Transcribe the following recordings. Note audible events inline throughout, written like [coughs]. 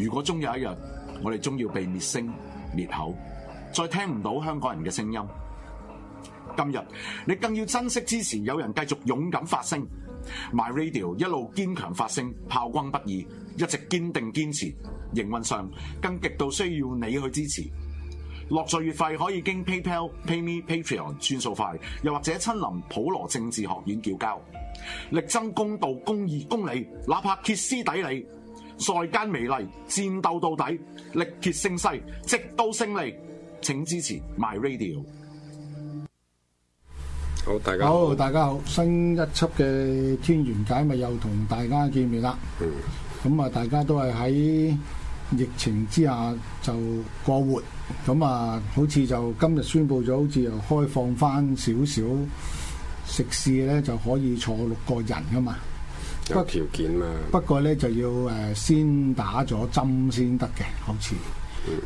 如果終有一日，我哋終要被滅聲滅口，再聽唔到香港人嘅聲音。今日你更要珍惜支持，有人繼續勇敢發聲，MyRadio 一路堅強發聲，炮轟不已，一直堅定堅持。營運上更極度需要你去支持。落座月費可以經 PayPal、PayMe、Patreon 轉數快，又或者親臨普羅政治學院叫交，力爭公道、公義、公理，哪怕歇斯底里。在間美麗，戰鬥到底，力竭勝勢，直到勝利。請支持 My Radio。好，大家好，好，大家好，新一輯嘅天玄解密又同大家見面啦。咁啊的，大家都係喺疫情之下就過活，咁啊，好似就今日宣布咗，好似又開放翻少少食肆咧，就可以坐六個人噶嘛。條不件嘛。不過咧就要誒、呃、先打咗針先得嘅，好似，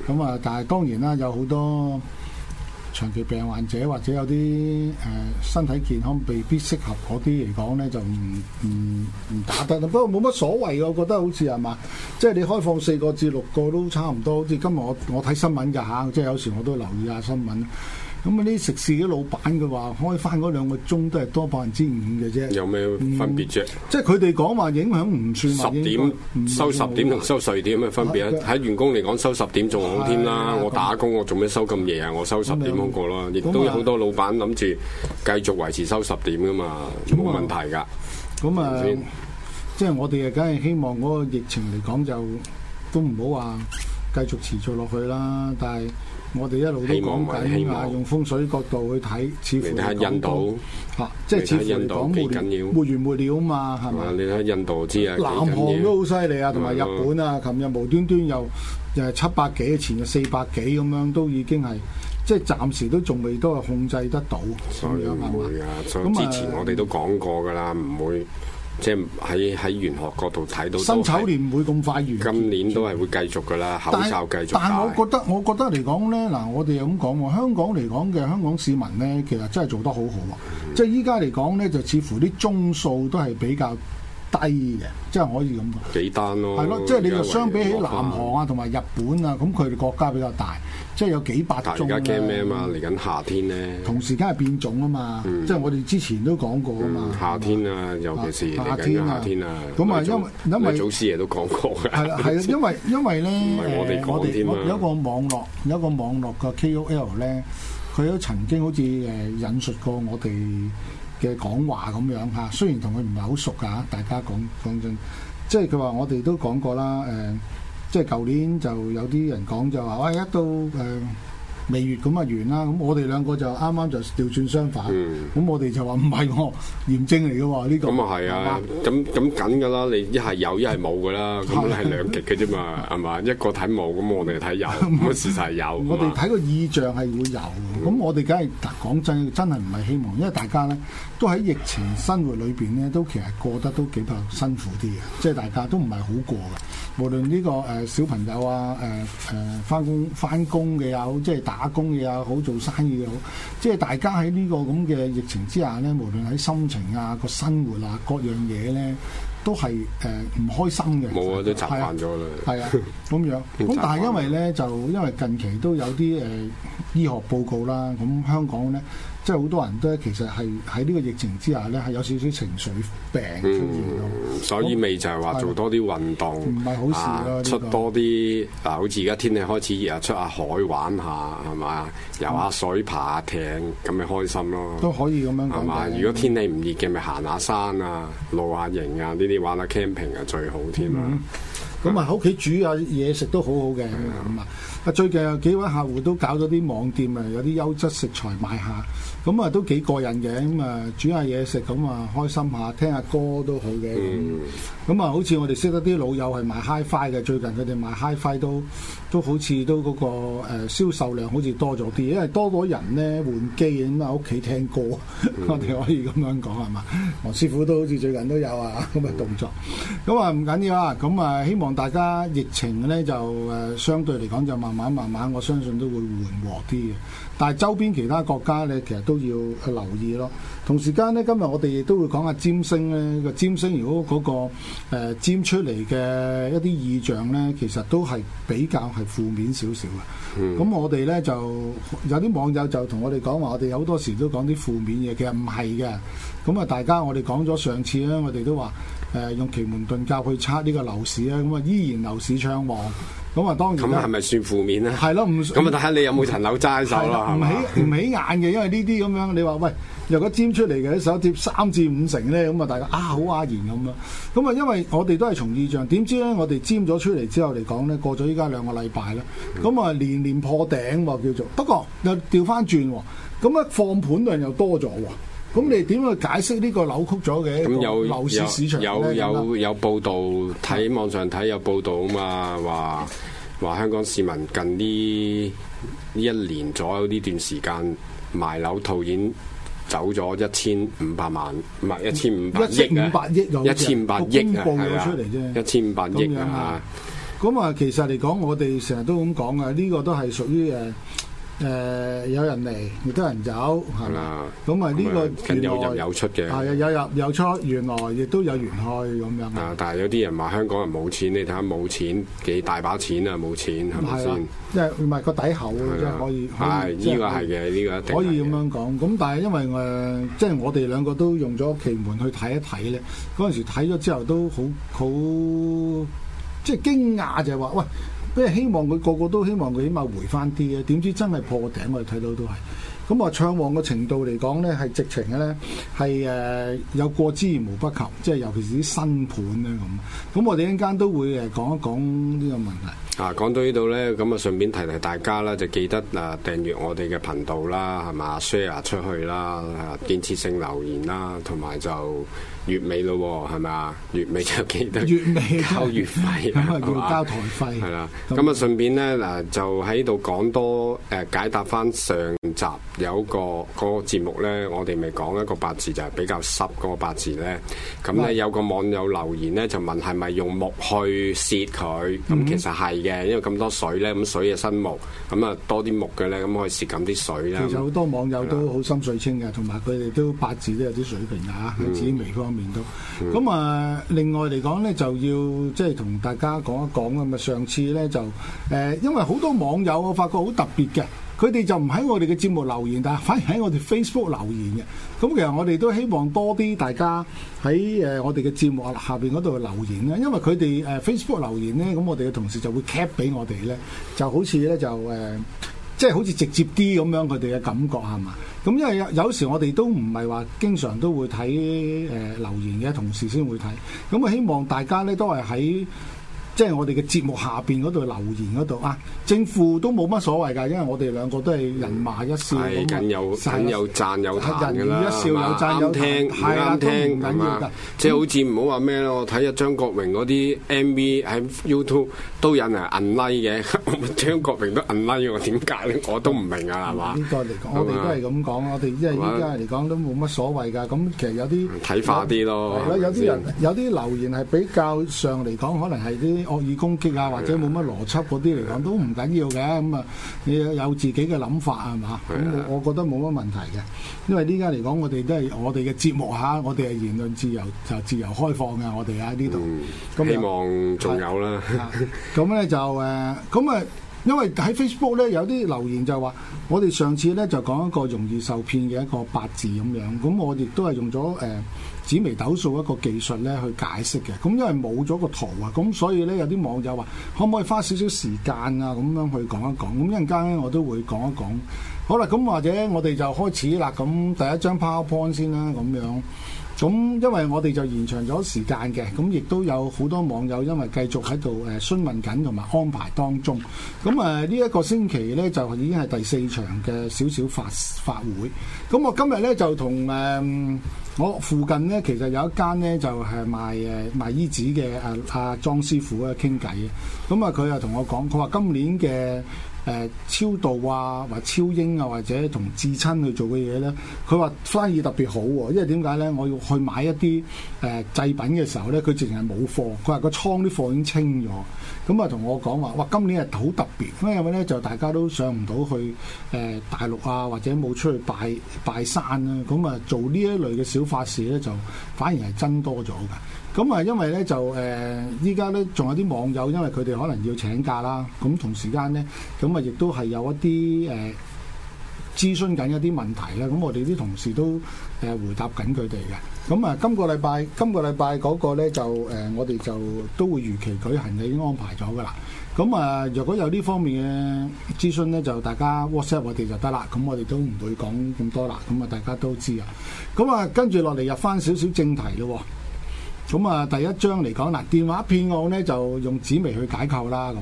咁啊，但係當然啦，有好多長期病患者或者有啲誒、呃、身體健康未必適合嗰啲嚟講咧，就唔唔唔打得啦。不過冇乜所謂，我覺得好似係嘛，即係你開放四個至六個都差唔多。好似今日我我睇新聞噶吓，即係有時我都留意下新聞。咁啊！啲食肆啲老闆嘅話開翻嗰兩個鐘都係多百分之五嘅啫。有咩分別啫？即係佢哋講話影響唔算十點，收十點同收十二點有咩分別啊？喺員工嚟講，收十點仲好添啦。我打工我做咩收咁夜啊？我收十點好過啦。亦都有好多老闆諗住繼續維持收十點噶嘛，冇問題㗎。咁啊，即係我哋啊，梗係希望嗰個疫情嚟講就都唔好話繼續持續落去啦。但係我哋一路都講緊啊，用風水角度去睇，似乎係印度嚇，即係似乎係講沒緊要，沒完沒了嘛，係嘛？你睇印度知啊，南韓都好犀利啊，同埋日本啊，琴日無端端又又係七百幾，前日四百幾咁樣，都已經係即係暫時都仲未都係控制得到，所以唔會噶。咁之前我哋都講過㗎啦，唔會。即係喺喺玄學角度睇到，新丑年唔會咁快完？今年都係會繼續噶啦，但口罩繼續。但係，我覺得，我覺得嚟講咧，嗱，我哋又咁講喎，香港嚟講嘅香港市民咧，其實真係做得好好、啊。嗯、即係依家嚟講咧，就似乎啲宗數都係比較低嘅，即係可以咁講。幾單咯，係咯，即係你就相比起南韓啊，同埋日本啊，咁佢哋國家比較大，即係有幾百宗嘅。而家驚咩啊？嘛，嚟緊夏天咧。同時，而家係變種啊嘛，嗯、即係我哋之前都講過啊嘛、嗯。夏天啊，吧尤其是嚟緊夏天啊。咁啊，因為因為祖師爺都講過嘅。係啦係，因為因為咧，因為呢我哋我哋有一個網絡有一個網絡嘅 KOL 咧，佢都曾經好似誒引述過我哋。嘅講話咁樣嚇，雖然同佢唔係好熟㗎，大家講講真，即係佢話我哋都講過啦，誒、呃，即係舊年就有啲人講就話，哇、哎、一到誒。呃未月咁啊完啦，咁我哋兩個就啱啱就調轉相反，咁、嗯、我哋就話唔係我驗證嚟嘅喎呢個，咁啊係啊，咁咁嗎緊嘅啦，你一係有一係冇嘅啦，咁樣係兩極嘅啫嘛，係嘛？ [laughs] 一個睇冇，咁我哋睇有，咁 [laughs] 事實係有。我哋睇個意象係會有，咁、嗯、我哋梗係講真，真係唔係希望，因為大家咧都喺疫情生活裏邊咧，都其實過得都幾辛苦啲嘅，即、就、係、是、大家都唔係好過嘅。無論呢、這個誒小朋友啊，誒誒翻工翻工嘅又，即係打工嘅又好，做生意嘅又好，即係大家喺呢個咁嘅疫情之下呢，無論喺心情啊、個生活啊、各樣嘢呢，都係誒唔開心嘅。冇啊了，都的習慣咗啦。係啊，咁 [laughs] 樣。咁但係因為呢，就因為近期都有啲誒、呃、醫學報告啦，咁、嗯、香港呢。即係好多人都其實係喺呢個疫情之下咧，係有少少情緒病、嗯、所以咪就係話做多啲運動，唔係好事咯。啊這個、出多啲嗱，好似而家天氣開始熱啊，出下海玩下係咪，遊下水、爬下艇咁咪、嗯、開心咯。都可以咁樣係嘛。如果天氣唔熱嘅咪行下山啊，露下營啊，呢啲玩下 camping 啊最好添啦、啊。咁、嗯、啊喺屋企煮下嘢食都好好嘅咁啊。啊最近有幾位客戶都搞咗啲網店啊，有啲優質食材買下。咁啊、嗯，都幾過癮嘅咁啊，煮下嘢食咁啊，開心下，聽下歌都好嘅咁。啊、嗯嗯嗯，好似我哋識得啲老友係賣 HiFi 嘅，最近佢哋賣 HiFi 都都好似都嗰、那個誒、呃、銷售量好似多咗啲，因為多咗人咧換機咁喺屋企聽歌，嗯、 [laughs] 我哋可以咁樣講係嘛？黃師傅都好似最近都有啊咁嘅、嗯 [laughs] 嗯、動作。咁啊唔緊要啊，咁、嗯、啊希望大家疫情咧就誒相對嚟講就慢慢、慢慢慢慢，我相信都會緩和啲嘅。但係周邊其他國家咧，其實都要、啊、留意咯。同時間咧，今日我哋亦都會講下尖沖呢，咧，個尖沖如果嗰、嗰個誒尖、呃、出嚟嘅一啲意象咧，其實都係比較係負面少少嘅。咁、嗯、我哋咧就有啲網友就同我哋講話，我哋好多時都講啲負面嘢，其實唔係嘅。咁啊，大家我哋講咗上次咧，我哋都話。誒用奇門遁甲去測呢個樓市咧，咁啊依然樓市暢旺，咁啊當然咁啊係咪算負面咧？係咯，咁啊睇下你有冇層樓揸喺手啦。唔起唔起眼嘅， [laughs] 因為呢啲咁樣，你話喂，若果尖出嚟嘅一手貼三至五成咧，咁啊大家啊好阿言咁樣。咁啊因為我哋都係從意象，點知咧我哋尖咗出嚟之後嚟講咧，過咗依家兩個禮拜啦。咁啊、嗯、連連破頂喎叫做。不過又調翻轉喎，咁啊放盤量又多咗喎。咁你點去解釋呢個扭曲咗嘅樓市市場？有有有報道，睇網上睇有報道啊嘛，話話香港市民近呢一年左右呢段時間賣樓套現走咗一千五百萬，唔係一千五百億，一千五百億，一千五百億，係啊，一千五百億啊嘛。咁啊，其實嚟講，我哋成日都咁講啊，呢個都係屬於誒。誒、呃、有人嚟，亦都有人走，係嘛？咁啊、嗯，呢個原來有入有出嘅，係有入有出，原來亦都有原氣咁樣。啊、嗯！但係有啲人話香港人冇錢，你睇下冇錢幾大把錢啊！冇錢係咪先？這個、因為唔係個底口，即係可以。係呢個係嘅，呢個一定可以咁樣講。咁但係因為誒，即係我哋兩個都用咗奇門去睇一睇咧。嗰陣時睇咗之後都好好，即係驚訝就係話喂。不希望佢，個個都希望佢起碼回翻啲嘅，點知真係破頂，我哋睇到都係。咁話暢旺嘅程度嚟講咧，係直情嘅咧，係誒有過之而無不及，即係尤其是啲新盤咧咁。咁我哋一間都會誒講一講呢個問題。啊，講到呢度咧，咁啊順便提提大家啦，就記得啊訂閱我哋嘅頻道啦，係嘛 share 出去啦，建設性留言啦，同埋就。月尾咯，係咪啊？月尾就記得月尾交月費，交台費。係啦，咁啊，順便咧嗱，就喺度講多誒解答返上集有個個節目咧，我哋咪講一個八字就係比較濕嗰個八字咧。咁咧有個網友留言咧就問係咪用木去泄佢？咁其實係嘅，因為咁多水咧，咁水係生木，咁啊多啲木嘅咧，咁可以泄冚啲水啦。其實好多網友都好心水清嘅，同埋佢哋都八字都有啲水平啊，指微方。面到，咁啊、嗯，另外嚟講咧，就要即係同大家講一講啦。咁啊，上次咧就誒，因為好多網友我發覺好特別嘅，佢哋就唔喺我哋嘅節目留言，但係反而喺我哋 Facebook 留言嘅。咁其實我哋都希望多啲大家喺誒我哋嘅節目下邊嗰度留言啦。因為佢哋誒 Facebook 留言咧，咁我哋嘅同事就會 cap 俾我哋咧，就好似咧就誒。呃即係好似直接啲咁樣，佢哋嘅感覺係嘛？咁因為有有時我哋都唔係話經常都會睇誒、呃、留言嘅，同事先會睇。咁啊，我希望大家咧都係喺。即係我哋嘅節目下邊嗰度留言嗰度啊，政府都冇乜所謂㗎，因為我哋兩個都係人馬一笑，係緊有緊有讚有彈㗎啦。係啊，都唔緊要㗎。即係好似唔好話咩咯，我睇一張國榮嗰啲 MV 喺 YouTube 都引啊 unlike 嘅，張國榮都 unlike，我點解我都唔明啊，係嘛？呢個嚟講，我哋都係咁講，我哋即係而家嚟講都冇乜所謂㗎。咁其實有啲睇化啲咯，有啲人有啲留言係比較上嚟講，可能係啲。惡意攻擊啊，或者冇乜邏輯嗰啲嚟講都唔緊要嘅，咁啊，你有自己嘅諗法係嘛？咁我覺得冇乜問題嘅，因為呢家嚟講，我哋都係我哋嘅節目嚇，我哋係言論自由就自由開放嘅，我哋喺呢度。嗯、就希望仲有啦。咁咧就誒，咁啊。因為喺 Facebook 咧有啲留言就話，我哋上次咧就講一個容易受騙嘅一個八字咁樣，咁我亦都係用咗誒紫微斗數一個技術咧去解釋嘅。咁因為冇咗個圖啊，咁所以咧有啲網友話，可唔可以花少少時間啊咁樣去講一講？咁一陣間咧我都會講一講。好啦，咁或者我哋就開始啦。咁第一張 PowerPoint 先啦，咁樣。咁因為我哋就延長咗時間嘅，咁亦都有好多網友因為繼續喺度誒詢問緊同埋安排當中。咁誒呢一個星期呢，就已經係第四場嘅少少法法會。咁我今日呢，就同誒、嗯、我附近呢，其實有一間呢，就係、是、賣誒賣衣紙嘅阿阿莊師傅咧傾偈。咁啊佢又同我講，佢話今年嘅。誒超度啊，或超英啊，或者同至親去做嘅嘢咧，佢話生意特別好喎、啊，因為點解咧？我要去買一啲誒祭品嘅時候咧，佢淨係冇貨，佢話個倉啲貨已經清咗，咁啊同我講話，哇今年係好特別，因為咪咧就大家都上唔到去誒、呃、大陸啊，或者冇出去拜拜山啊。咁啊做呢一類嘅小法事咧，就反而係增多咗㗎。咁啊，因為咧就誒，依家咧仲有啲網友，因為佢哋可能要請假啦，咁同時間咧，咁啊，亦都係有一啲誒、呃、諮詢緊一啲問題啦。咁我哋啲同事都誒、呃、回答緊佢哋嘅。咁啊，今個禮拜，今個禮拜嗰個咧就誒、呃，我哋就都會如期舉行嘅，已經安排咗噶啦。咁啊，若果有呢方面嘅諮詢咧，就大家 WhatsApp 我哋就得啦。咁我哋都唔會講咁多啦。咁啊，大家都知啊。咁啊，跟住落嚟入翻少少正題咯。咁啊，第一章嚟講啦，電話騙案咧就用紫微去解構啦，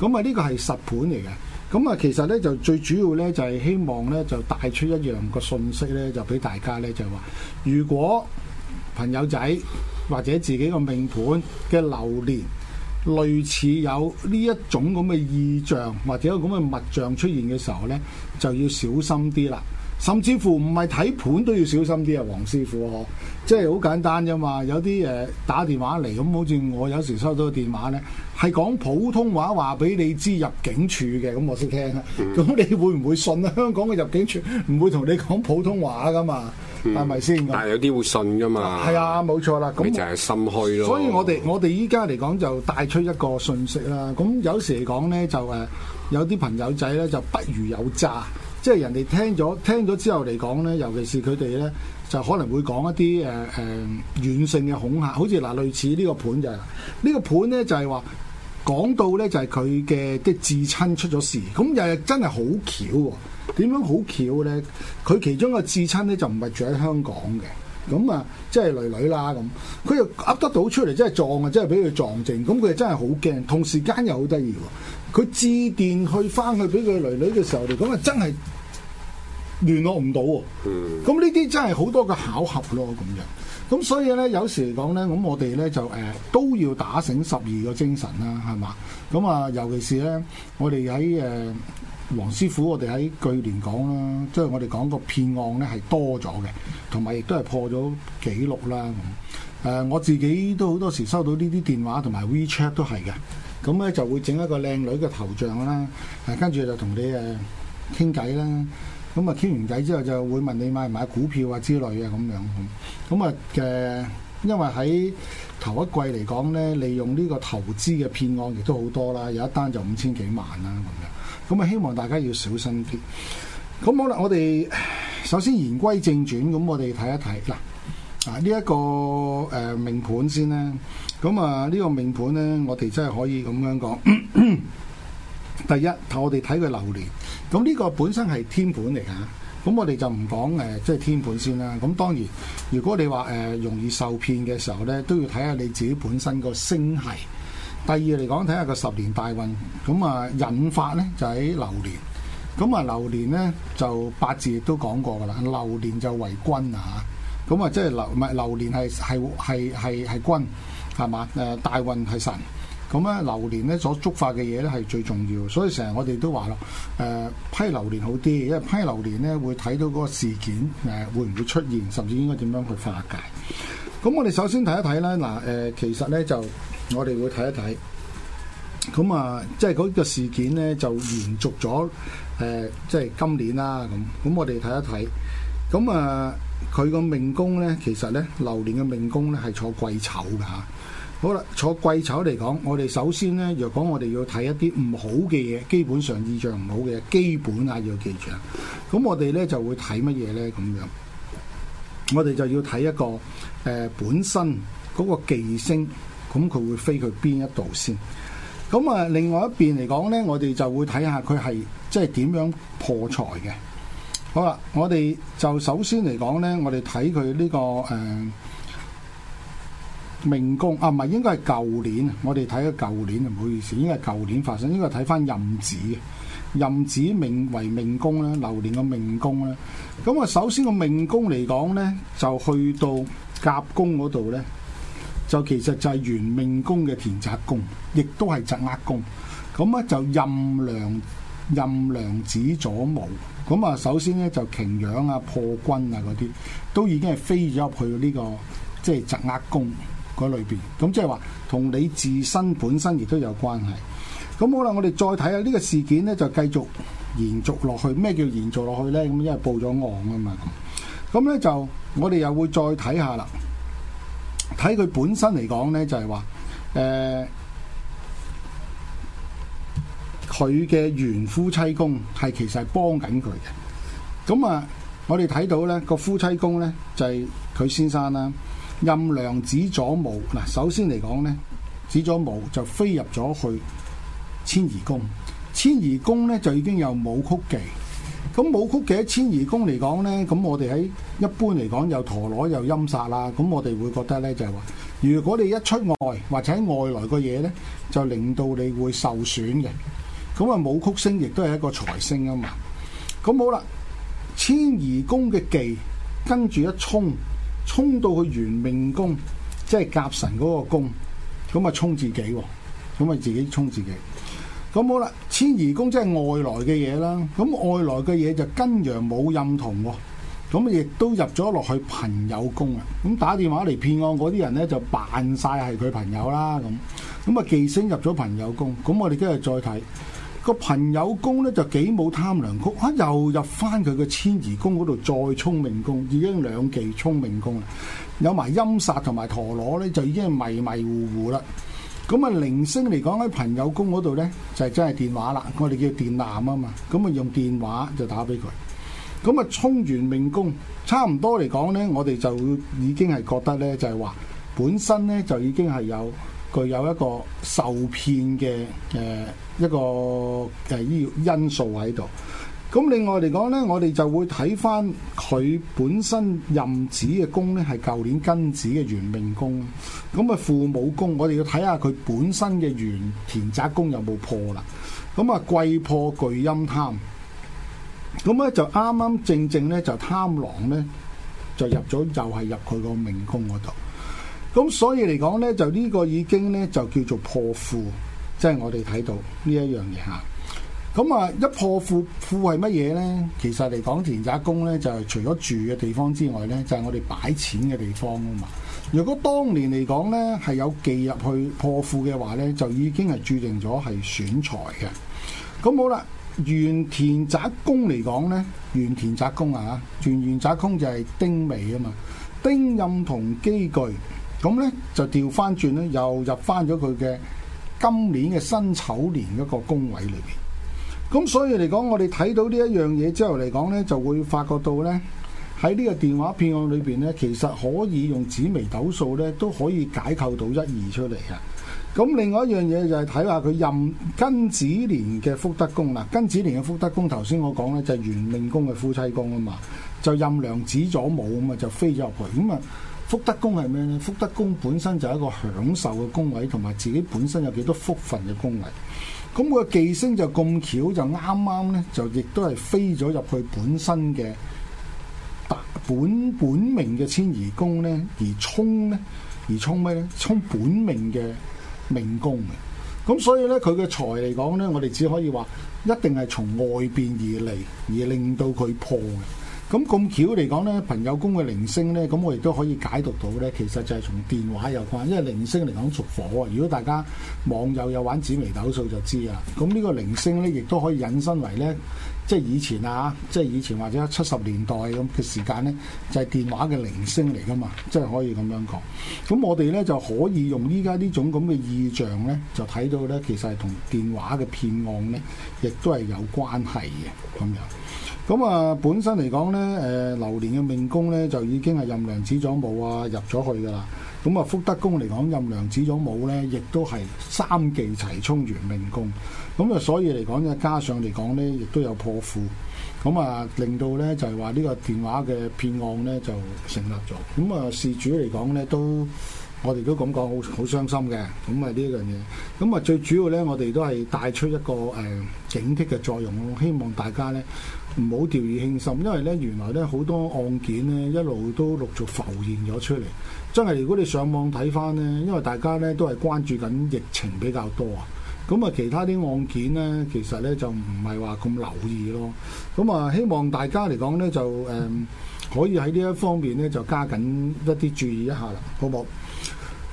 咁，咁啊呢個係實盤嚟嘅。咁啊，其實咧就最主要咧就係希望咧就帶出一樣個信息咧，就俾大家咧就話，如果朋友仔或者自己個命盤嘅流年類似有呢一種咁嘅意象或者有咁嘅物象出現嘅時候咧，就要小心啲啦。甚至乎唔係睇盤都要小心啲啊，黃師傅，即係好簡單啫嘛。有啲誒、呃、打電話嚟咁，好似我有時收到個電話咧，係講普通話話俾你知入境處嘅，咁我識聽啦。咁、嗯、 [laughs] 你會唔會信啊？香港嘅入境處唔會同你講普通話噶嘛，係咪先？是是但係有啲會信噶嘛。係啊，冇、啊、錯啦。咁就係心虛咯。所以我哋我哋依家嚟講就帶出一個訊息啦。咁有時嚟講咧就誒，有啲朋友仔咧就不如有詐。即係人哋聽咗聽咗之後嚟講咧，尤其是佢哋咧，就可能會講一啲誒誒軟性嘅恐嚇，好似嗱、呃、類似呢個盤就係啦，呢個盤咧就係話講到咧就係佢嘅即至親出咗事，咁又真係好巧喎？點樣好巧咧？佢其中個至親咧就唔係住喺香港嘅，咁啊即係女女啦咁，佢又噏得到出嚟，即係撞啊，即係俾佢撞正，咁佢真係好驚，同時間又好得意喎。佢致電去翻去俾佢女女嘅時候，嚟咁啊真係～聯絡唔到喎，咁呢啲真係好多個巧合咯，咁樣，咁所以咧有時嚟講咧，咁我哋咧就誒都要打醒十二個精神啦，係嘛？咁啊，尤其是咧，我哋喺誒黃師傅，我哋喺據聯講啦，即係我哋講個騙案咧係多咗嘅，同埋亦都係破咗紀錄啦。誒，我自己都好多時收到呢啲電話同埋 WeChat 都係嘅，咁咧就會整一個靚女嘅頭像啦，誒跟住就同你誒傾偈啦。咁啊，傾完偈之後就會問你買唔買股票啊之類啊，咁樣。咁啊，嘅，因為喺頭一季嚟講呢，利用呢個投資嘅騙案亦都好多啦，有一單就五千幾萬啦咁樣。咁啊，希望大家要小心啲。咁好啦，我哋首先言歸正傳，咁我哋睇一睇嗱啊，這個、呢一個誒命盤先咧。咁啊，呢個命盤呢，我哋真係可以咁樣講。 [coughs] 第一，我哋睇佢流年。咁呢個本身係天盤嚟㗎，咁我哋就唔講誒，即、呃、係、就是、天盤先啦。咁當然，如果你話誒、呃、容易受騙嘅時候呢，都要睇下你自己本身個星系。第二嚟講，睇下個十年大運。咁啊，引發呢就喺流年。咁啊，流年呢就八字都講過噶啦。流年就為君啊。咁啊，即、就、係、是、流唔係流年係係係係係君係嘛？誒、呃、大運係神。咁啊，流年咧所觸發嘅嘢咧係最重要，所以成日我哋都話咯，誒批流年好啲，因為批流年咧會睇到嗰個事件誒會唔會出現，甚至應該點樣去化解。咁我哋首先睇一睇咧，嗱誒，其實咧就我哋會睇一睇，咁啊，即係嗰個事件咧就延續咗誒，即係今年啦，咁咁我哋睇一睇，咁啊，佢個命宮咧其實咧流年嘅命宮咧係坐貴丑㗎。好啦，坐貴丑嚟講，我哋首先呢，若果我哋要睇一啲唔好嘅嘢，基本上意象唔好嘅嘢，基本啊，要記住啦。咁我哋呢就會睇乜嘢呢？咁樣，我哋就要睇一個誒、呃、本身嗰個忌星，咁佢會飛去邊一度先。咁啊，另外一邊嚟講呢，我哋就會睇下佢係即係點樣破財嘅。好啦，我哋就首先嚟講呢，我哋睇佢呢個誒。呃命宮啊，唔係應該係舊年，我哋睇咗舊年唔好意思，應該係舊年發生，應該係睇翻壬子嘅壬子命為命宮啦，流年嘅命宮啦。咁啊，首先個命宮嚟講咧，就去到甲宮嗰度咧，就其實就係原命宮嘅田宅宮，亦都係宅厄宮。咁咧就壬梁，壬梁紫左武。咁啊，首先咧就擎羊啊、破軍啊嗰啲，都已經係飛咗入去呢、這個即係宅厄宮。就是嗰裏邊，咁即係話同你自身本身亦都有關係。咁好啦，我哋再睇下呢個事件呢，就繼續延續落去。咩叫延續落去呢？咁因為報咗案啊嘛。咁呢，就是呃啊、我哋又會再睇下啦。睇佢本身嚟講呢，就係話誒，佢嘅原夫妻宮係其實係幫緊佢嘅。咁啊，我哋睇到呢個夫妻宮呢，就係佢先生啦。任良子咗冇嗱，首先嚟講呢，子咗冇就飛入咗去遷移宮。遷移宮呢，就已經有武曲忌，咁武曲忌喺遷移宮嚟講呢，咁我哋喺一般嚟講又陀羅又陰煞啦。咁我哋會覺得呢，就係話，如果你一出外或者喺外來個嘢呢，就令到你會受損嘅。咁啊，武曲星亦都係一個財星啊嘛。咁好啦，遷移宮嘅忌跟住一沖。沖到去元命宮，即係夾神嗰個宮，咁啊沖自己，咁啊自己沖自己。咁好啦，遷移宮即係外來嘅嘢啦，咁外來嘅嘢就跟羊冇任同，哦，咁啊亦都入咗落去朋友宮啊。咁打電話嚟騙案嗰啲人咧，就扮晒係佢朋友啦，咁咁啊忌星入咗朋友宮，咁我哋今日再睇。個朋友宮咧就幾冇貪狼曲嚇又入翻佢個遷移宮嗰度再沖命宮，已經兩記沖命宮啦。有埋陰煞同埋陀螺咧，就已經迷迷糊糊啦。咁、嗯、啊，鈴聲嚟講喺朋友宮嗰度咧，就係真係電話啦。我哋叫電纜啊嘛，咁、嗯、啊用電話就打俾佢。咁啊沖完命宮，差唔多嚟講咧，我哋就已經係覺得咧，就係、是、話本身咧就已經係有。具有一個受騙嘅誒、呃、一個誒依、呃、因素喺度。咁另外嚟講呢，我哋就會睇翻佢本身壬子嘅宮呢係舊年庚子嘅原命宮。咁啊父母宮，我哋要睇下佢本身嘅原田宅宮有冇破啦。咁啊貴破巨陰貪，咁咧就啱啱正正呢，就貪狼呢就入咗，就係、是、入佢個命宮嗰度。咁所以嚟講呢，就呢個已經呢，就叫做破庫，即係我哋睇到呢一樣嘢嚇。咁啊，一破庫庫係乜嘢呢？其實嚟講，田宅宮呢，就係除咗住嘅地方之外呢，就係、是、我哋擺錢嘅地方啊嘛。如果當年嚟講呢，係有忌入去破庫嘅話呢，就已經係註定咗係損財嘅。咁好啦，原田宅宮嚟講呢，原田宅宮啊原田宅宮就係丁味啊嘛，丁任同機具。咁呢就調翻轉呢，又入翻咗佢嘅今年嘅辛丑年嗰個宮位裏邊。咁所以嚟講，我哋睇到呢一樣嘢之後嚟講呢，就會發覺到呢，喺呢個電話騙案裏邊呢，其實可以用紫微斗數呢都可以解構到一二出嚟嘅。咁另外一樣嘢就係睇下佢任庚子年嘅福德宮啦。庚子年嘅福德宮，頭先我講呢，就係元命宮嘅夫妻宮啊嘛，就任良子佐母咁啊，就飛咗入去咁啊。福德宮係咩呢？福德宮本身就係一個享受嘅宮位，同埋自己本身有幾多福分嘅宮位。咁佢嘅忌星就咁巧就啱啱呢，就亦都係飛咗入去本身嘅本本命嘅遷移宮呢，而沖呢？而沖咩呢？沖本命嘅命宮嘅。咁所以呢，佢嘅財嚟講呢，我哋只可以話，一定係從外邊而嚟，而令到佢破嘅。咁咁巧嚟講咧，朋友公嘅鈴聲咧，咁我亦都可以解讀到咧，其實就係從電話有關，因為鈴聲嚟講屬火啊！如果大家網友有玩紫微斗數就知啦。咁呢個鈴聲咧，亦都可以引申為咧，即係以前啊，即係以前或者七十年代咁嘅時間咧，就係電話嘅鈴聲嚟噶嘛，即係可以咁樣講。咁我哋咧就可以用依家呢種咁嘅意象咧，就睇到咧，其實係同電話嘅騙案咧，亦都係有關係嘅咁樣。咁啊，本身嚟講咧，誒流年嘅命宮咧就已經係壬梁紫左武啊，入咗去噶啦。咁啊，福德宮嚟講壬梁紫左武咧，亦都係三忌齊沖完命宮。咁啊，所以嚟講咧，加上嚟講咧，亦都有破庫。咁啊，令到咧就係話呢個電話嘅騙案咧就成立咗。咁啊，事主嚟講咧都。我哋都咁講，好好傷心嘅咁啊！呢一樣嘢咁啊，最主要呢，我哋都係帶出一個誒、呃、警惕嘅作用咯。希望大家呢唔好掉以輕心，因為呢原來呢好多案件呢一路都陸續浮現咗出嚟。真係如果你上網睇返呢，因為大家呢都係關注緊疫情比較多啊，咁啊，其他啲案件呢，其實呢就唔係話咁留意咯。咁啊，希望大家嚟講呢，就誒、呃、可以喺呢一方面呢就加緊一啲注意一下啦，好冇？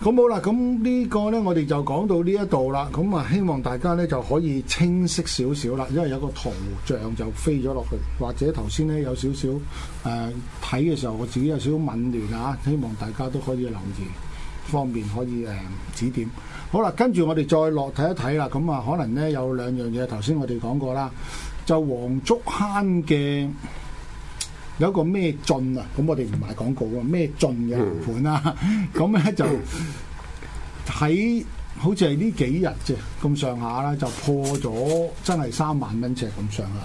咁好啦，咁呢個呢，我哋就講到呢一度啦。咁啊，希望大家呢就可以清晰少少啦，因為有個圖像就飛咗落去，或者頭先呢有少少誒睇嘅時候，我自己有少少紊亂啊。希望大家都可以留意，方便可以誒、呃、指點。好啦，跟住我哋再落睇一睇啦。咁啊，可能呢有兩樣嘢，頭先我哋講過啦，就黃竹坑嘅。有一個咩進啊，咁我哋唔買廣告進啊，咩進嘅樓盤啦，咁咧就喺好似係呢幾日啫，咁上下啦，就破咗真係三萬蚊尺咁上下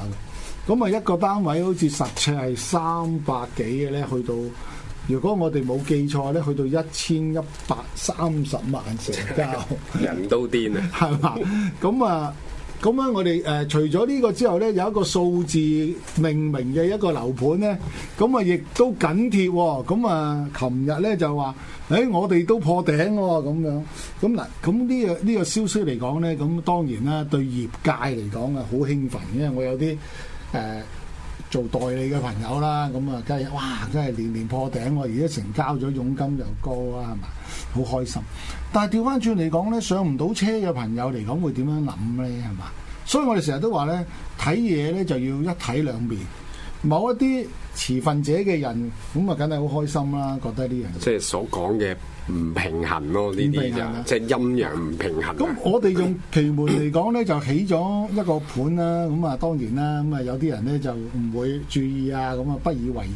嘅，咁啊一個單位好似實尺係三百幾嘅咧，去到如果我哋冇記錯咧，去到一千一百三十萬成交， [laughs] 人都癲 [laughs] 啊，係嘛？咁啊。咁咧，我哋誒除咗呢個之後咧，有一個數字命名嘅一個樓盤咧，咁啊亦都緊貼喎。咁啊，琴日咧就話，誒我哋都破頂喎，咁樣。咁嗱，咁呢個呢個消息嚟講咧，咁當然啦，對業界嚟講啊，好興奮，因為我有啲誒做代理嘅朋友啦，咁啊，梗係哇，真係年年破頂喎，而家成交咗佣金又高啊，係嘛，好開心。但係調翻轉嚟講咧，上唔到車嘅朋友嚟講會點樣諗咧？係嘛？所以我哋成日都話咧，睇嘢咧就要一睇兩面。某一啲持份者嘅人，咁啊，梗係好開心啦，覺得呢樣。即係所講嘅唔平衡咯，呢啲就即係陰陽唔平衡啊。咁我哋用奇門嚟講咧，就起咗一個盤啦。咁啊，當然啦，咁啊，有啲人咧就唔會注意啊，咁啊，不以為然。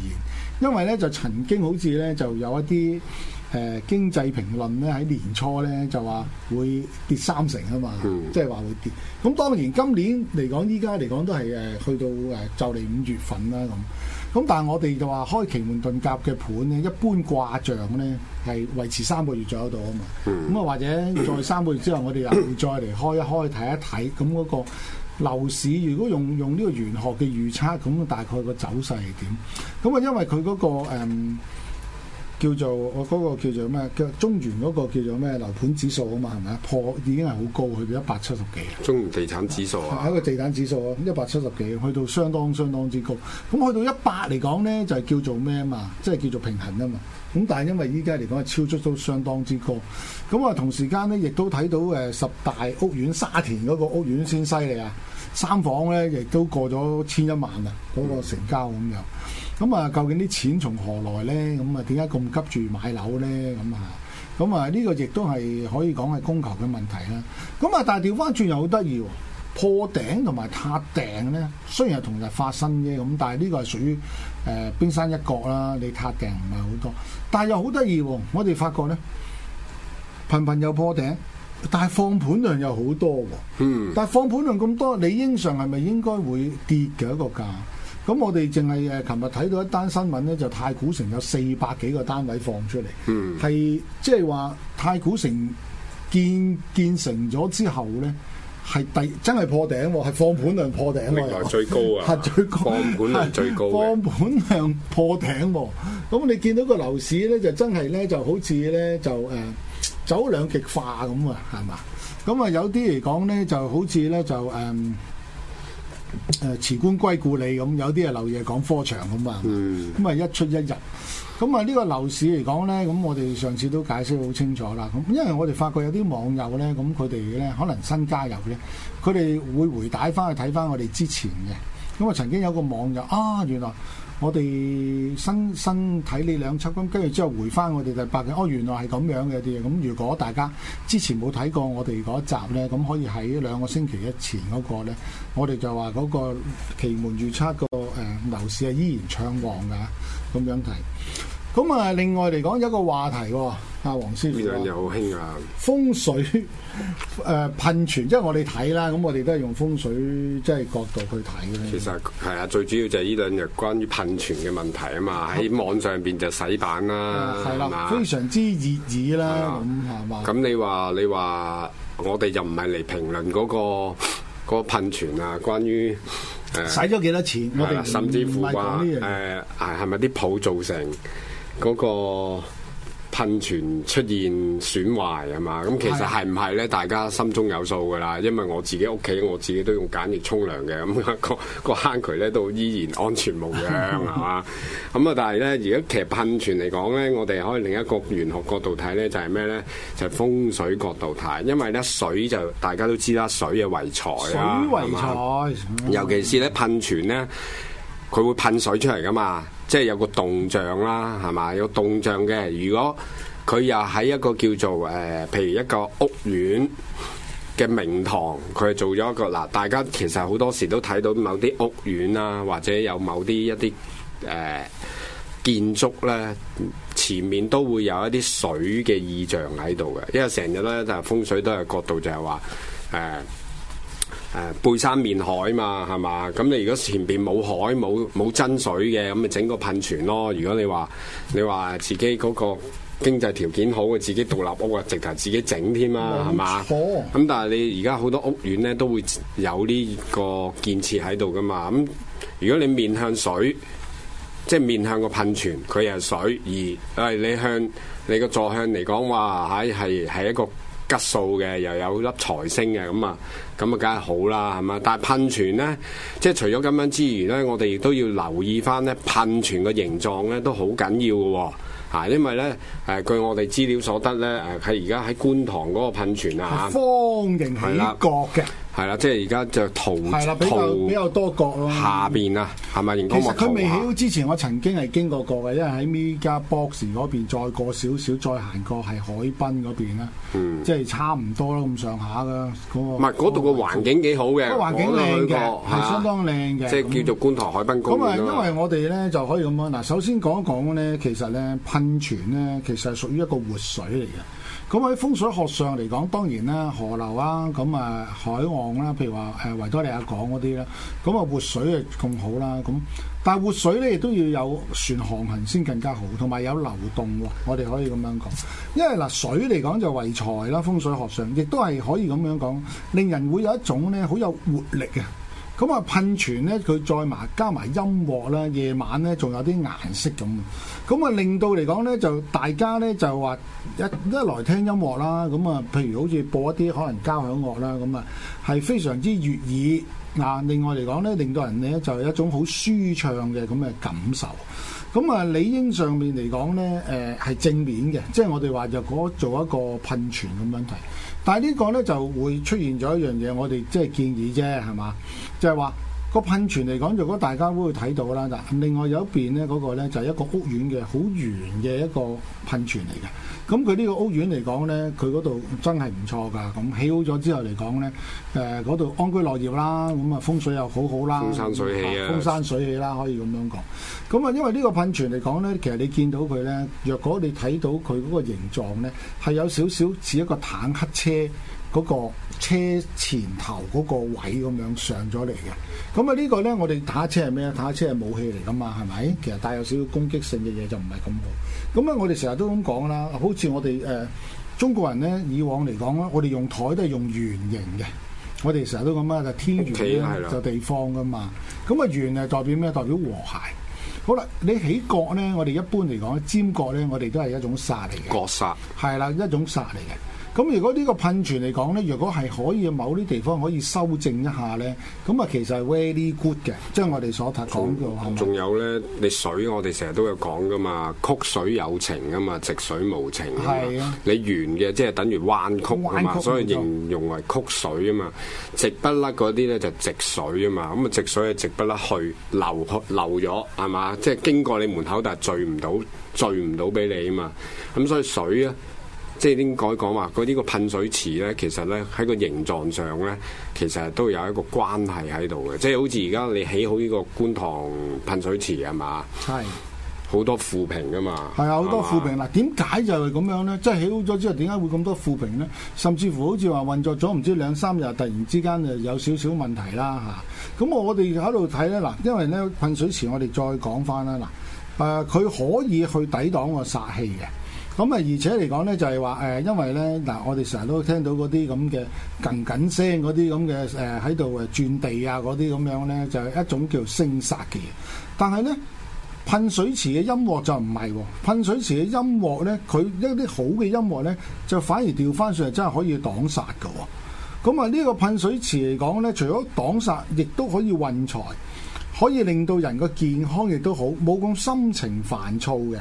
因為咧，就曾經好似咧，就有一啲。誒經濟評論咧喺年初咧就話會跌三成啊嘛，即係話會跌。咁當然今年嚟講，依家嚟講都係誒去到誒、啊、就嚟五月份啦咁。咁但係我哋就話開奇門遁甲嘅盤咧，一般卦象咧係維持三個月左右度啊嘛。咁啊、嗯、或者再三個月之後，我哋又會再嚟開一開睇一睇咁嗰個樓市。如果用用呢個玄學嘅預測，咁大概個走勢係點？咁啊，因為佢嗰、嗰個、嗯叫做我嗰個叫做咩？叫中原嗰個叫做咩樓盤指數啊嘛，係咪啊？破已經係好高，去到一百七十幾。中原地產指數係、啊、個地產指數啊，一百七十幾，去到相當相當之高。咁去到一百嚟講咧，就係、係、叫做咩啊嘛？即係叫做平衡啊嘛。咁但係因為依家嚟講，超速都相當之高。咁啊，同時間咧，亦都睇到誒十大屋苑沙田嗰個屋苑先犀利啊！三房咧，亦都過咗千一萬啊！嗰、那個成交咁樣，咁啊，究竟啲錢從何來咧？咁啊，點解咁急住買樓咧？咁啊，咁啊，呢、這個亦都係可以講係供求嘅問題啦。咁啊，但係調翻轉又好得意喎，破頂同埋撻訂咧，雖然係同日發生啫，咁但係呢個係屬於誒、呃、冰山一角啦。你撻訂唔係好多，但係又好得意喎，我哋發覺咧，頻頻有破頂。但係放盤量又好多喎，嗯，但係放盤量咁多，理應上係咪應該會跌嘅一個價？咁我哋淨係誒，琴日睇到一單新聞咧，就太古城有四百幾個單位放出嚟，嗯，係即係話太古城建建成咗之後咧，係第真係破頂喎，係放盤量破頂喎，原來最高啊，係最高，放盤量最高，放盤量破頂喎，咁你見到個樓市咧，就真係咧就好似咧就誒。呃走兩極化咁啊，係嘛？咁啊有啲嚟講咧，就好似咧就誒誒辭官歸故里咁，有啲係留嘢講科場咁啊，咁啊、嗯、一出一日咁啊呢個樓市嚟講咧，咁我哋上次都解釋好清楚啦。咁因為我哋發覺有啲網友咧，咁佢哋咧可能新加入咧，佢哋會回帶翻去睇翻我哋之前嘅。咁我曾經有個網友啊，原來。我哋新新睇你兩輯咁，跟住之後回翻我哋就八嘅哦，原來係咁樣嘅啲嘢。咁如果大家之前冇睇過我哋嗰一集呢，咁可以喺兩個星期一前嗰、那個咧，我哋就話嗰個奇門預測個誒樓市係依然暢旺嘅，咁樣睇。咁啊，另外嚟講有一個話題喎，阿黃師傅，呢兩日好興啊，風水誒、呃、噴泉，即係我哋睇啦，咁我哋都係用風水即係角度去睇嘅。其實係啊，最主要就係呢兩日關於噴泉嘅問題啊嘛，喺網上邊就洗版啦，係啦，吧非常之熱議啦、啊，咁係嘛？咁的的你話你話，我哋就唔係嚟評論嗰、嗰個嗰、嗰個、噴泉啊，關於洗咗幾多錢？我哋甚至乎話誒係係咪啲鋪造成？呃是嗰個噴泉出現損壞係嘛？咁其實係唔係咧？大家心中有數㗎啦。因為我自己屋企，我自己都用簡易沖涼嘅，咁、嗰個、嗰個坑渠咧都依然安全無恙係嘛？咁啊， [laughs] 但係咧，而家其實噴泉嚟講咧，我哋可以另一個玄學角度睇咧，就係咩咧？就係、係、風水角度睇，因為咧水就大家都知啦，水啊為財啦，係嘛？吧尤其是咧噴泉咧，佢會噴水出嚟㗎嘛。即係有個動像啦，係嘛？有動像嘅。如果佢又喺一個叫做誒、呃，譬如一個屋苑嘅明堂，佢做咗一個嗱、呃，大家其實好多時都睇到某啲屋苑啊，或者有某啲一啲誒、呃、建築咧，前面都會有一啲水嘅意象喺度嘅，因為成日咧就係風水都係角度就係話誒。呃誒、啊、背山面海嘛係嘛？咁你如果前邊冇海冇冇真水嘅，咁咪整個噴泉咯。如果你話你話自己嗰個經濟條件好嘅，自己獨立屋啊，直頭自己整添啦，係嘛？哦，咁、 [noise] 嗯、但係你而家好多屋苑呢，都會有呢個建設喺度噶嘛。咁、嗯、如果你面向水，即係面向個噴泉，佢係水，而係你向你個坐向嚟講，哇！係、哎、係一個吉數嘅又有粒財星嘅咁啊，咁啊梗係好啦，係嘛？但係噴泉咧，即係除咗咁樣之餘咧，我哋亦都要留意翻咧噴泉嘅形狀咧，都好緊要嘅，吓，因為咧誒、呃，據我哋資料所得咧，誒，係而家喺觀塘嗰個噴泉啊，方形起角嘅。係啦，即係而家就比較多角塗下邊啊，係咪？其實佢未起好之前，我曾經係經過過嘅，因為喺 Mega Box 嗰邊再過少少，再行過係海濱嗰邊啦。即係差唔多咁上下噶。嗰個唔係嗰度嘅環境幾好嘅，環境靚嘅係相當靚嘅。即係叫做觀塘海濱咁啊，因為我哋咧就可以咁樣，嗱，首先講一講咧，其實咧噴泉咧，其實係屬於一個活水嚟嘅。咁喺風水學上嚟講，當然啦，河流啊，咁啊海岸啦、啊，譬如話誒維多利亞港嗰啲啦，咁啊活水就更好啦。咁但係活水咧，亦都要有船航行先更加好，同埋有，有流動喎、啊。我哋可以咁樣講，因為嗱，水嚟講就為財啦。風水學上亦都係可以咁樣講，令人會有一種咧好有活力嘅。咁啊噴泉咧，佢再埋加埋音樂啦，夜晚咧仲有啲顏色咁，咁啊令到嚟講咧，就大家咧就話一一來聽音樂啦，咁啊，譬如好似播一啲可能交響樂啦，咁啊係非常之悅耳。嗱，另外嚟講咧，令到人咧就係、是、一種好舒暢嘅咁嘅感受。咁啊，理應上面嚟講咧，誒、呃、係正面嘅，即係我哋話若果做一個噴泉咁樣睇，但係呢個咧就會出現咗一樣嘢，我哋即係建議啫，係嘛，即係話。個噴泉嚟講，如果大家都會睇到啦。另外有一邊咧，嗰個咧就係一個屋苑嘅好圓嘅一個噴泉嚟嘅。咁佢呢個屋苑嚟講咧，佢嗰度真係唔錯㗎。咁起好咗之後嚟講咧，誒嗰度安居樂業啦，咁啊風水又好好啦，風生水起啊。啊，風生水起啦，可以咁樣講。咁啊，因為呢個噴泉嚟講咧，其實你見到佢咧，若果你睇到佢嗰個形狀咧，係有少少似一個坦克車嗰個。車前頭嗰個位咁樣上咗嚟嘅，咁啊呢個咧，我哋打車係咩啊？打車係武器嚟噶嘛，係咪？其實帶有少少攻擊性嘅嘢就唔係咁好。咁啊，我哋成日都咁講啦，好似我哋誒、呃、中國人咧，以往嚟講咧，我哋用台都係用圓形嘅。我哋成日都咁樣，就天圓就地方噶嘛。咁啊，圓係代表咩？代表和諧。好啦，你起角咧，我哋一般嚟講，尖角咧，我哋都係一種殺嚟嘅。角殺係啦，一種殺嚟嘅。咁如果呢個噴泉嚟講咧，如果係可以某啲地方可以修正一下咧，咁啊其實係 very good 嘅，即係我哋所講到，係咪？仲有咧，你水我哋成日都有講噶嘛，曲水有情啊嘛，直水無情啊嘛，你圓嘅即係等於彎曲啊嘛，彎曲所以形容為曲水啊嘛，冇錯。直不甩嗰啲咧就直水啊嘛。咁啊直水係直不甩去流去流咗，係嘛？即係經過你門口，但係聚唔到聚唔到俾你啊嘛。咁所以水啊～即係點講講話，嗰啲、個噴水池咧，其實咧喺個形狀上咧，其實都有一個關係喺度嘅。即係好似而家你起好呢個觀塘噴水池係的嘛？係好的吧多負評噶嘛？係啊，好多負評。嗱，點解就係咁樣咧？即係起好咗之後，點解會咁多負評咧？甚至乎好似話運作咗唔知兩三日，突然之間就有少少問題啦嚇。咁、啊、我哋喺度睇咧嗱，因為咧噴水池我哋再講返啦嗱，誒、啊、佢可以去抵擋個殺氣嘅。咁啊，而且嚟講呢，就係話誒，因為呢，嗱，我哋成日都聽到嗰啲咁嘅近緊聲嗰啲咁嘅誒，喺度誒鑽地啊，嗰啲咁樣呢，就係、是、一種叫聲殺嘅。但係呢，噴水池嘅音樂就唔係喎，噴水池嘅音樂呢，佢一啲好嘅音樂呢，就反而掉翻上嚟，真係可以擋殺嘅、哦。咁啊，呢個噴水池嚟講呢，除咗擋殺，亦都可以運財，可以令到人個健康亦都好，冇咁心情煩躁嘅。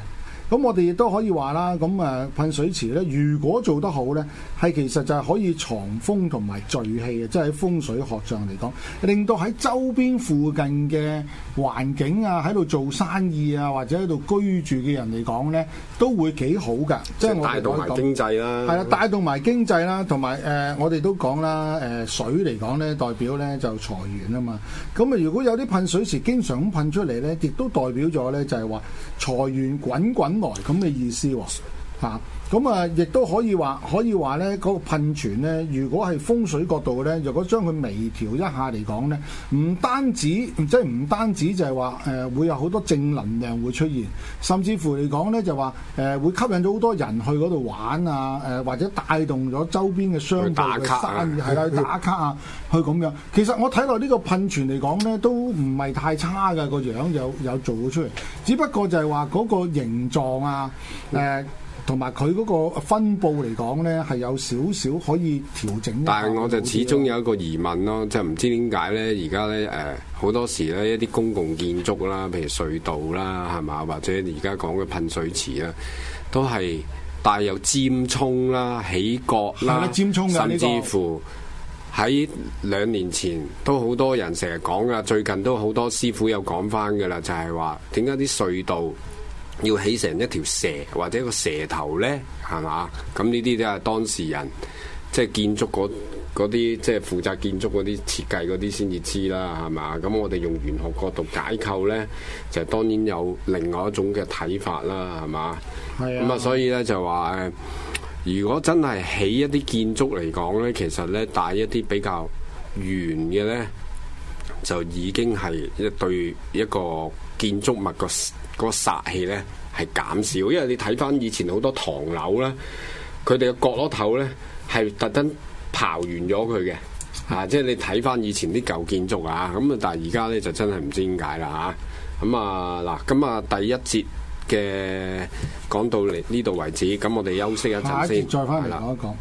咁我哋亦都可以話啦，咁誒噴水池咧，如果做得好咧，係其實就係可以藏風同埋聚氣嘅，即係喺風水學上嚟講，令到喺周邊附近嘅環境啊，喺度做生意啊，或者喺度居住嘅人嚟講咧，都會幾好噶。即係帶動埋經濟啦，係啊，帶動埋經濟啦，同埋誒我哋都、呃、講啦，誒水嚟講咧，代表咧就財源啊嘛。咁啊，如果有啲噴水池經常咁噴出嚟咧，亦都代表咗咧，就係話財源滾滾。來咁嘅意思喎， [music] 咁啊，亦都可以話，可以話咧，嗰個噴泉咧，如果係風水角度咧，若果將佢微調一下嚟講咧，唔單止即係唔單止就係話誒會有好多正能量會出現，甚至乎嚟講咧就話、是、誒、呃、會吸引咗好多人去嗰度玩啊誒、呃、或者帶動咗周邊嘅商鋪去翻嘅係啦，打卡啊去咁樣。其實我睇落呢個噴泉嚟講咧，都唔係太差嘅個樣有，有有做咗出嚟。只不過就係話嗰個形狀啊誒。呃同埋佢嗰個分佈嚟講呢，係有少少可以調整。但係我就始終有一個疑問咯，就唔了知點解呢。而家呢，誒、呃，好多時呢，一啲公共建築啦，譬如隧道啦，係嘛，或者而家講嘅噴水池啦，都係帶有尖沖啦、起角啦，啊尖沖啊、甚至乎喺兩年前都好多人成日講噶，最近都好多師傅有講翻噶啦，就係話點解啲隧道？要起成一條蛇或者一個蛇頭呢，係嘛？咁呢啲都係當事人，即係建築嗰啲，即係負責建築嗰啲設計嗰啲先至知啦，係嘛？咁我哋用玄學角度解構呢，就當然有另外一種嘅睇法啦，係嘛？咁係啊、嗯，所以呢，係啊、就話誒，如果真係起一啲建築嚟講呢，其實呢，帶一啲比較圓嘅呢，就已經係一對一個建築物個個煞氣咧，係減少，因為你睇翻以前好多唐樓咧，佢哋嘅角落頭咧，係特登刨完咗佢嘅。啊，即係你睇翻以前啲舊建築啊，咁啊，但係而家咧，就真係唔知點解啦，吓，咁啊，嗱，啊，咁啊，第一節嘅講到嚟呢度為止，咁我哋休息一陣先，係啦了，再翻去啦講一講。